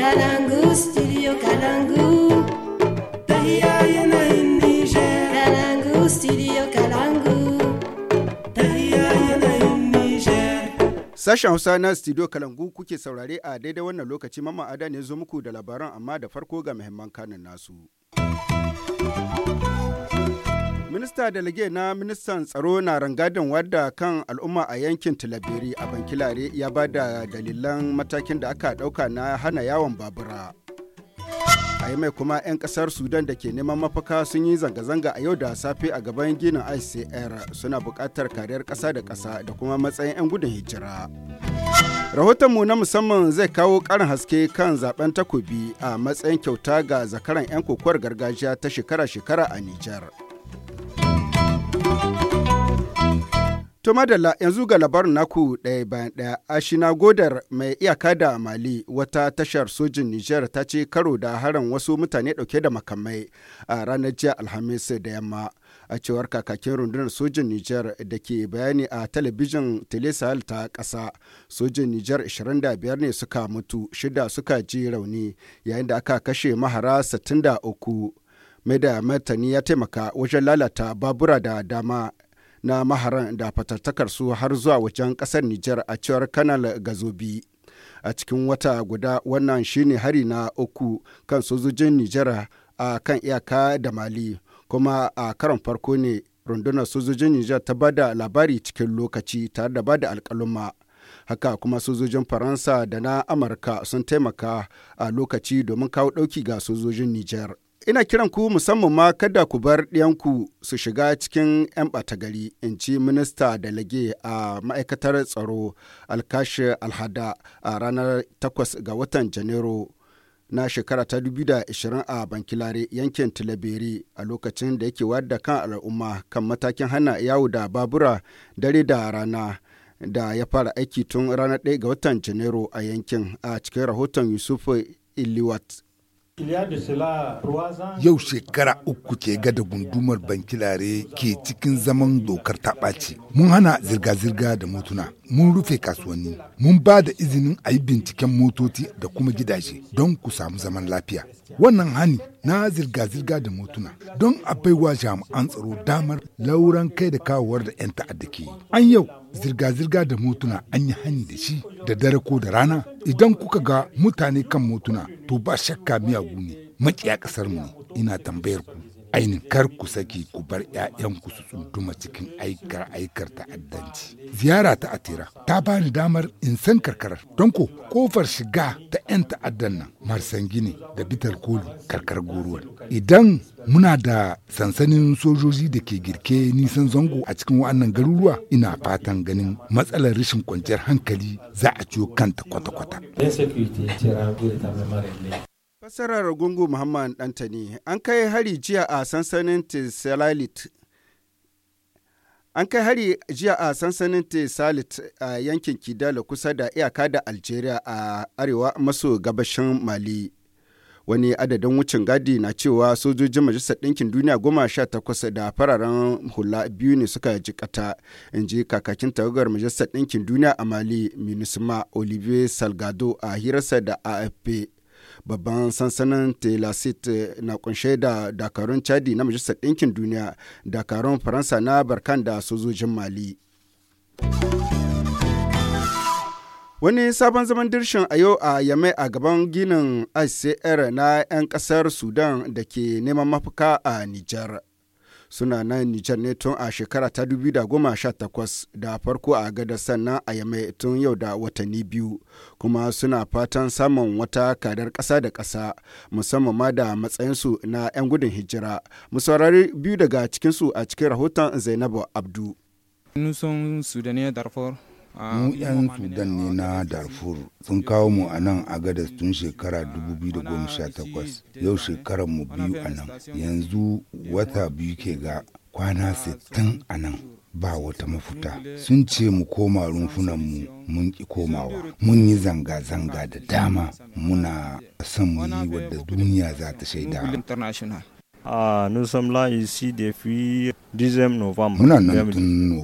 Kalangu, studio Kalangu. Sashen Hausa na studio Kalangu kuke saurare a daidai wannan lokaci mamma ada ne zo muku da labaran amma da farko ga muhimman kanin nasu. Minista Dalage na Ministan Tsaro na rangadin wadda kan al'umma a yankin Tilabiri a Bankilare ya ba da dalilan matakin da aka ɗauka na hana yawon babura. A yi mai kuma 'yan kasar Sudan da ke neman mafaka sun yi zanga-zanga a yau da safe a gaban ginin ICR suna buƙatar kariyar kasa da kasa da kuma matsayin 'yan gudun hijira. Rahotonmu na musamman zai kawo ƙarin haske kan zaben takobi a matsayin kyauta ga zakaran 'yan kokowar gargajiya ta shekara-shekara a Nijar. To madalla yanzu ga labarin naku ɗaya bayan ɗaya a godar mai iyaka da Mali wata tashar sojin Nijar ta ce karo da harin wasu mutane ɗauke da makamai a ranar jiya Alhamis da yamma. A cewar kakakin rundunar sojin Nijar da ke bayani a talabijin Telesahel ta ƙasa, sojin Nijar 25 ne suka mutu, shida suka ji rauni yayin da aka kashe mahara 63. mai da martani ya taimaka wajen lalata babura da dama na maharan da fatattakar su har zuwa wajen kasar Nijar a cewar Kanal Gazobi. A cikin wata guda wannan shine hari na uku kan sojojin Nijar a kan iyaka da Mali kuma a karon farko ne rundunar sojojin Nijar ta bada labari cikin lokaci tare da bada alƙaluma. haka kuma sojojin faransa da na amurka sun taimaka a lokaci domin kawo ɗauki ga sojojin nijar ina kiran ku musamman ma kada ku bar ɗiyanku su shiga cikin 'yan ɓata gari in ci minista da lage a ma'aikatar tsaro alkashi alhada a ranar 8 ga watan janairu na shekara ta 2020 a bankilare yankin tilaberi a lokacin da yake wadda kan al'umma kan matakin hana yawo da babura dare da rana da ya fara aiki tun ranar 1 ga watan janairu a yankin a cikin rahoton yusuf iliwat Yau shekara uku ke gada gundumar bankilare ke cikin zaman dokar ta taɓaci. Mun hana zirga-zirga da motuna, mun rufe kasuwanni, mun ba da izinin a yi binciken motoci da kuma gidaje don ku samu zaman lafiya. Wannan hani na zirga-zirga da motuna don a baiwa jami'an tsaro damar lauran kai da kawowar da 'yan ta'adda ke yi. An yau zirga-zirga da motuna an yi hani da shi da dare ko da rana idan kuka ga mutane kan motuna to ba shakka miyagu ne maƙiya ƙasar mu ina tambayar ku ainihin kar ku saki ku bar 'ya'yanku su tsunduma cikin aikar aikar ta'addanci. Ziyara ta Atira ta ba ni damar in san karkarar don ko kofar shiga ta 'yan ta'addan nan marsan gini da bitar kolu karkar goruwar. Idan muna da sansanin sojoji da ke girke nisan zango a cikin wa'annan garuruwa ina fatan ganin matsalar rashin kwanciyar hankali za a ciwo kanta kwata-kwata. Fassarar Gungu Muhammad Dantani an kai hari jiya a sansanin Tisalit An kai hari jiya a sansanin Tisalit a yankin Kidala kusa da iyaka da Algeria a arewa maso gabashin Mali. Wani adadin wucin gadi na cewa sojojin Majalisar Ɗinkin Duniya goma sha takwas da fararen hula biyu ne suka jikata, in ji kakakin tawagar Majalisar Ɗinkin Duniya a Mali, Minisma Olivier Salgado a hirarsa da AFP. babban sansanin telasit eh, na kunshe da dakarun chadi na majalisar ɗinkin duniya dakarun faransa na barkan da sojojin mali Wani sabon zaman dirshin a yau a Yame a gaban ginin ICR na 'yan ƙasar Sudan da ke neman mafuka a Nijar. suna nan Nijar ne tun a shekara ta 2018 da farko a gada sannan a yamai tun yau da watanni biyu kuma suna fatan samun wata kadar ƙasa da ƙasa musamman ma da matsayinsu na 'yan gudun hijira. Mu saurari biyu daga cikinsu a cikin rahoton Zainabu Abdu. mu 'yan sudan ne na darfur sun kawo mu a nan a gadas tun shekara 2018 yau shekarar mu biyu a nan yanzu wata biyu ke ga kwana 60 a nan ba wata mafuta sun ce mu koma mu mun ki komawa mun yi zanga-zanga da dama muna son mu yi wadda duniya za ta shaida Ah, nous sommes là ici depuis 10 novembre. Muna nan tun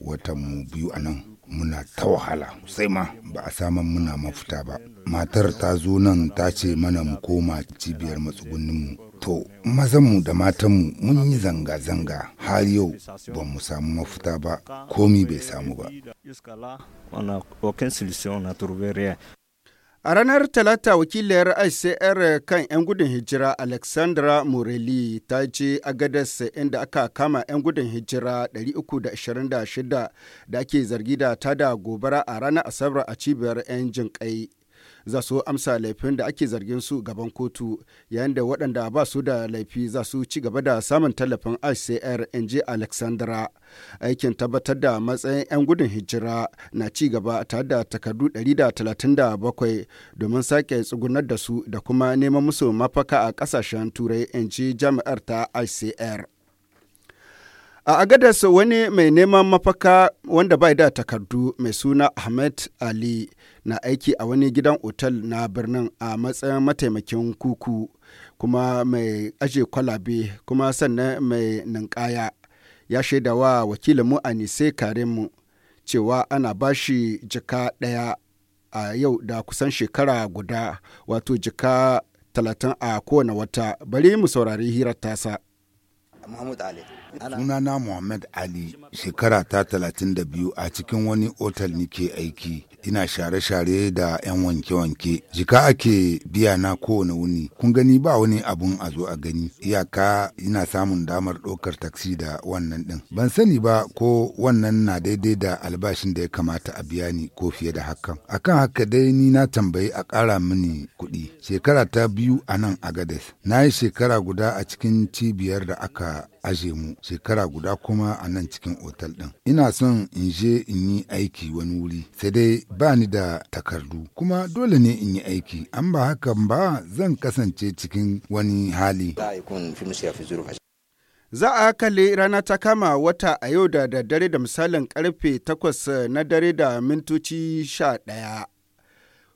watan mu biyu a nan muna ta wahala sai ma ba a saman muna mafita ba. Matar ta zo nan ta ce mana mu koma cibiyar mu To, mazanmu da matanmu mun yi zanga-zanga har yau ba mu samu mafita ba, komi bai samu ba. A ranar Talata wakiliyar ICR kan 'yan gudun hijira Alexandra Morelli ta je Agadas inda aka kama 'yan gudun hijira 326 da ake zargi da tada gobara a ranar Asabar a cibiyar 'yan jinƙai. za su amsa laifin da ake zargin su gaban kotu yayin da waɗanda ba su da laifi za su ci gaba da samun tallafin ICR in Alexandra. Aikin tabbatar da matsayin 'yan gudun hijira na ci gaba tare da takardu 137 domin sake tsugunar da su da kuma neman musu mafaka a ƙasashen turai in jami'ar ta ICR. A Agadas wani mai neman mafaka wanda bai da takardu mai suna Ahmed Ali na aiki a wani gidan otal na birnin a matsayin mataimakin kuku kuma mai aje kwalabe kuma sannan mai ninkaya ya shaida wa wakilinmu a nise mu cewa ana bashi jika ɗaya a yau da kusan shekara guda wato jika talatin a kowane wata bari mu saurari hirar tasa. Sunana Muhammad Ali shekara ta talatin da biyu a cikin wani otal nike aiki ina share-share da 'yan wanke-wanke jika ake biya na kowane wuni kun gani ba wani abun a zo a gani iyaka ina samun damar ɗaukar taksi da wannan ɗin ban sani ba ko wannan na daidai da albashin da ya kamata a biya ni ko fiye da hakan akan haka dai ni na tambayi a ƙara mini kuɗi shekara ta biyu a nan agades na yi shekara guda a cikin cibiyar da aka aje mu shekara guda kuma a nan cikin otal ɗin. Ina son in je in yi aiki wani wuri sai dai ba ni da takardu kuma dole ne in yi aiki an ba hakan ba zan kasance cikin wani hali. Za a kalle rana ta kama wata a yau da daddare da misalin karfe takwas na dare da mintoci 11.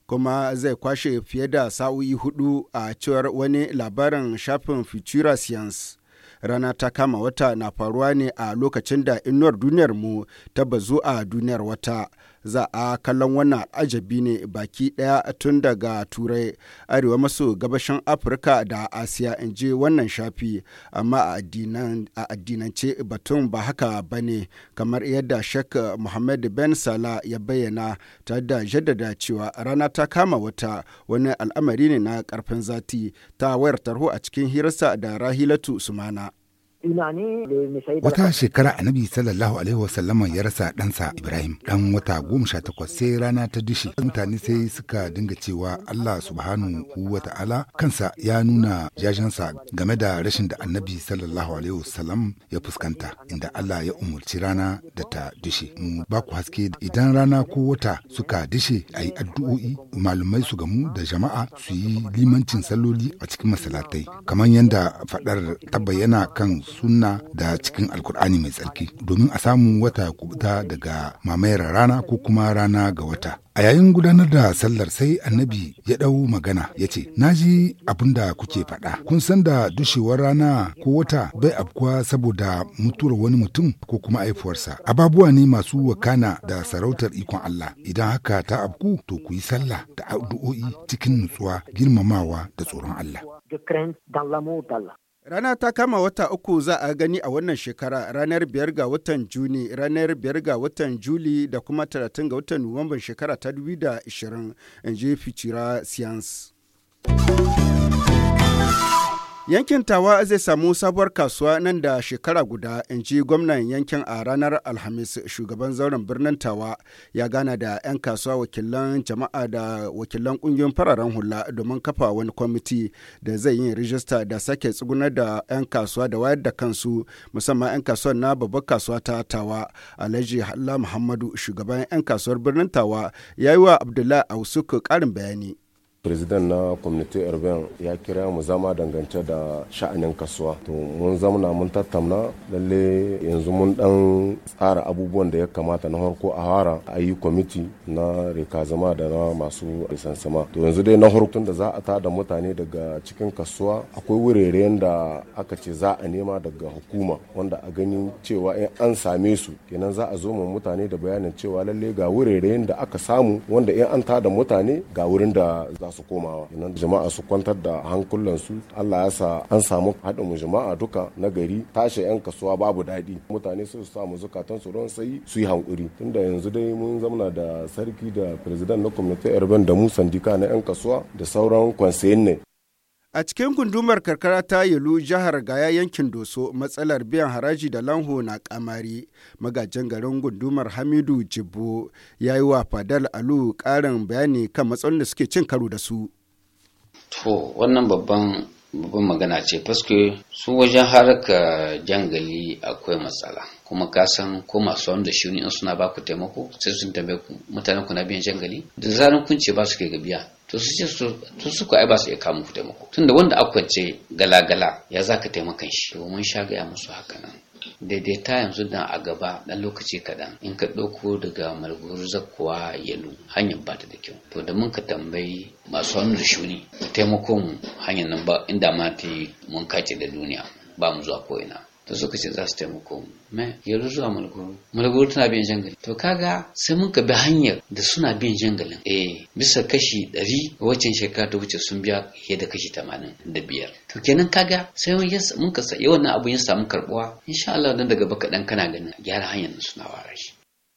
kuma zai kwashe fiye da sa'o'i hudu a cewar wani labarin shafin futura science rana ta kama wata na faruwa ne a lokacin da inuwar duniyar mu ta bazu a duniyar wata za a kallon wannan al'ajabi ne baki ɗaya tun daga turai arewa maso gabashin afirka da asiya in je wannan shafi amma a addinance batun ba haka ba ne kamar yadda shek muhammad ben sala ya bayyana ta da jaddada cewa rana ta kama wata wani al'amari ne na karfin zati ta wayar tarho a cikin hirarsa da rahilatu sumana Wata shekara annabi sallallahu alaihi wasallama ya rasa ɗansa Ibrahim ɗan wata goma sha takwas sai rana ta dishi. Mutane sai suka dinga cewa Allah subhanahu wa ta'ala kansa ya nuna jajensa game da rashin da annabi sallallahu alaihi wasallam ya fuskanta inda Allah ya umurci rana da ta dishe. Mu ba ku haske idan rana ko wata suka dishe a yi addu'o'i malumai su gamu da jama'a su yi limancin saloli a cikin masalatai kamar yadda faɗar ta bayyana kan sunna da cikin alkur'ani mai tsarki domin a samu wata kubuta daga mamayar rana ko kuma rana ga wata a yayin gudanar da sallar sai annabi ya ɗau magana ya ce na ji abin da kuke faɗa kun san da dushewar rana ko wata bai afkuwa saboda mutuwar wani mutum ko kuma aifuwarsa ababuwa ne masu wakana da sarautar ikon Allah idan haka ta afku to ku yi sallah da addu'o'i cikin nutsuwa girmamawa da tsoron Allah. Rana ta kama wata uku za a gani a wannan shekara ranar biyar ga watan Juni, ranar biyar ga watan Juli da kuma 30 ga watan Nuwamban shekara ta 2020 in je fitira Science. Yankin Tawa zai samu sabuwar kasuwa nan da shekara guda, in ji gwamnan yankin a ranar Alhamis shugaban zauren birnin Tawa ya gana da 'yan kasuwa wakilan jama'a da wakilan ƙungiyoyin fararen hula domin kafa wani kwamiti da zai yi rijista da sake tsugunar da 'yan kasuwa da wayar da kansu musamman 'yan kasuwar na babbar kasuwa ta Tawa. Alhaji hala Muhammadu shugaban 'yan kasuwar birnin Tawa ya yi wa Abdullahi Ausuku ƙarin bayani. president na community urban ya kira mu zama dangance da sha'anin kasuwa to mun zamana mun tattauna lalle yanzu mun dan tsara abubuwan da ya kamata na harko a hara a yi kwamiti na rekazama da na masu lisansama to yanzu dai na harkun da za a tada mutane daga cikin kasuwa akwai wurare da aka ce za a nema daga hukuma wanda a ganin cewa in an same su kenan za a zo mu mutane da bayanin cewa lalle ga wuraren da aka samu wanda in an da mutane ga wurin da za su su komawa nan jama'a su kwantar da hankulansu Allah ya sa an samu haɗin mu jama'a duka na gari tashi yan kasuwa babu daɗi mutane su samu zukatan su don sai su yi hankuri tunda yanzu dai mun zauna da sarki da president na community urban da mu sandika na yan kasuwa da sauran kwansayin ne A cikin gundumar karkara ta yalu jihar Gaya yankin Doso matsalar biyan haraji da lanho na kamari magajin garin gundumar Hamidu Jibbo ya yi wa Fadal Alu karin bayani kan matsalolin da suke cin karo da su. To wannan babban babban magana ce faske su wajen harka jangali akwai matsala kuma kasan ko masu wanda shi in suna baku taimako sai sun tambaye ku mutanen ku na biyan jangali da zaran kun ce ba su ke ga biya to su ce su ai ba su iya kamu ku taimako tunda wanda gala galagala ya za ka taimakan shi to mun sha gaya musu haka nan daidaita yanzu dan a gaba dan lokaci kaɗan in ka ɗauko daga malguru zakkuwa yalu hanyar ba ta da kyau to da mun ka tambayi masu wani da shuni taimakon taimako mu hanyar nan ba inda ma ta yi mun kace da duniya ba mu zuwa ko'ina to suka ce za su e taimako mu me yanzu zuwa mulguru mulguru tana bin jangali to kaga sai mun ka bi hanyar da suna bin jangalin eh bisa kashi ɗari wacce shekara ta wuce sun biya ke da kashi tamanin da biyar to kenan kaga sai mun ka yawan abun ya samu karbuwa insha Allah dan daga baka dan kana ganin gyara hanyar suna ware shi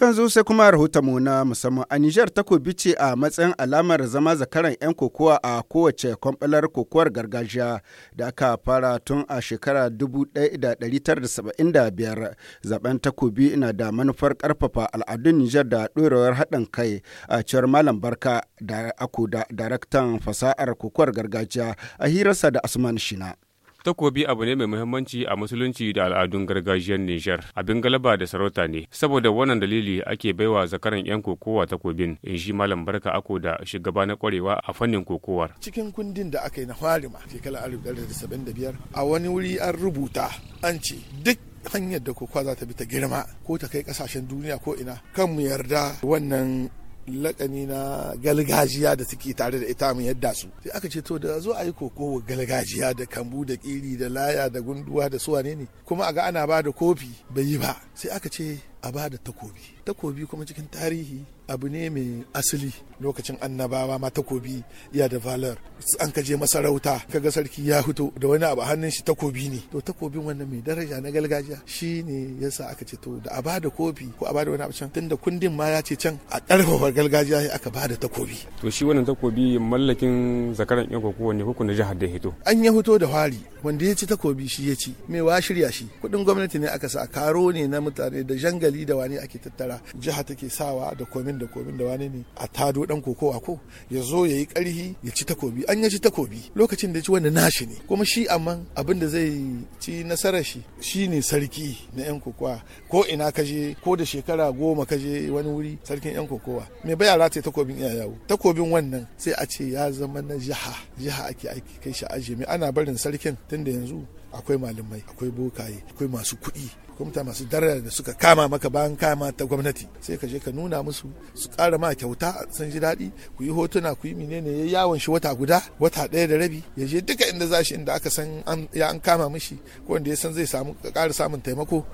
To yanzu sai kuma mu na musamman a Nijar takobi ce a matsayin alamar zama zakaran 'yan kokowa a kowace kwamfalar kokowar gargajiya da aka fara tun a shekara 1975 zaben takobi na da manufar karfafa al'adun Nijar da ɗorewar haɗin kai a cewar Malam Barka da Akuda daraktan fasahar kokowar gargajiya a hirarsa da Asman Shina. Takobi abu ne mai muhimmanci a musulunci da al'adun gargajiyar Nijar. Abin galaba da sarauta ne. Saboda wannan dalili ake baiwa zakaran 'yan kokowa takobin in shi Malam Barka Ako da shugaba na kwarewa a fannin kokowar. Cikin kundin da aka yi na Farima shekarar 1975 a wani wuri an rubuta an ce duk hanyar da kokowa za ta bi ta girma ko ta kai kasashen duniya ko ina kan mu yarda wannan lakani na galgajiya da suke tare da ita mun yadda su sai aka ce to da zo a yi kokowa galgajiya da kambu da kiri da laya da gunduwa da suwane ne kuma a ga ana ba da kofi bai yi ba sai aka ce a ba da takobi takobi kuma cikin tarihi abu ne mai asali lokacin annabawa ma takobi ya da valar an kaje masarauta kaga sarki ya fito da wani abu hannun shi takobi ne to takobin wannan mai daraja na galgajiya. shi ne yasa aka ce to da a ba da kofi ko a ba da wani abu can tunda kundin ma ya ce can a ƙarfafa galgajiya ya aka ba da takobi to shi wannan takobi mallakin zakaran yan ko ne ko na jihar da hito an ya fito da fari wanda ya ci takobi shi ya ci mai wa shirya shi kuɗin gwamnati ne aka sa karo ne na mutane da janga dandali da wani ake tattara jiha take sawa da komin da komin da wani ne a tado dan kokowa ko ya zo ya yi karhi ya ci takobi an ya ci takobi lokacin da ya ci wani nashi ne kuma shi amma abin da zai ci nasarar shi ne sarki na yan kokowa ko ina kaje ko da shekara goma kaje wani wuri sarkin yan kokowa mai baya rataye takobin iya yawo takobin wannan sai a ce ya zama na jiha jiha ake aiki kai shi ajiye ana barin sarkin tunda yanzu akwai malamai akwai bokaye akwai masu kuɗi hukumta masu daraja da suka kama maka bayan kama ta gwamnati sai ka je ka nuna musu su ƙara ma kyauta sun ji daɗi ku yi hotuna ku yi menene ya yawon shi wata guda wata ɗaya da rabi ya je duka inda za shi inda aka san ya an kama mishi ko wanda ya san zai samu ƙara samun taimako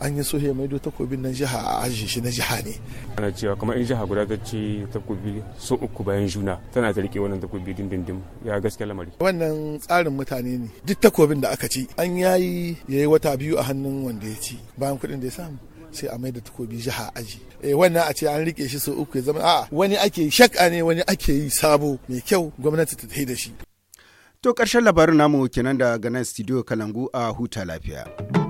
an yi so mai maido takobin nan jiha a ajin shi na jiha ne ana cewa kamar in jiha guda ta ce takobi so uku bayan juna tana ta rike wannan takobi dindindim ya gaske lamari wannan tsarin mutane ne duk takobin da aka ci an yayi yi wata biyu a hannun wanda ya ci bayan kuɗin da ya samu sai a mai da takobi jiha aji eh wannan a ce an rike shi so uku ya zama a wani ake shakka ne wani ake yi sabo mai kyau gwamnati ta da shi to ƙarshen labarin namu kenan da nan studio kalangu a huta lafiya